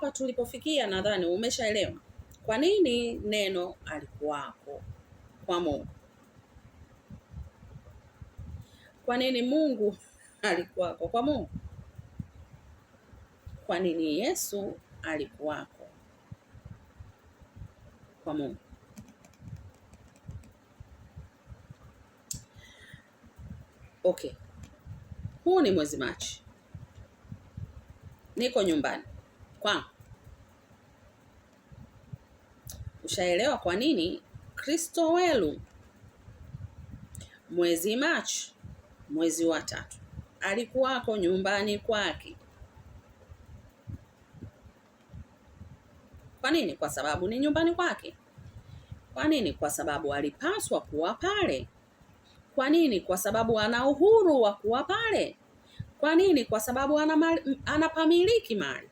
hapa tulipofikia, nadhani umeshaelewa kwa nini neno alikuwako kwa Mungu, kwa nini Mungu alikuwako kwa Mungu, kwa nini Yesu alikuwako kwa Mungu. Okay, huu ni mwezi Machi, niko nyumbani hapa? Ushaelewa kwa nini Kristo Welu mwezi Machi, mwezi wa tatu, alikuwako nyumbani kwake. Kwa nini? Kwa sababu ni nyumbani kwake. Kwa nini? Kwa sababu alipaswa kuwa pale. Kwa nini? Kwa sababu ana uhuru wa kuwa pale. Kwa nini? Kwa sababu anapamiliki mali.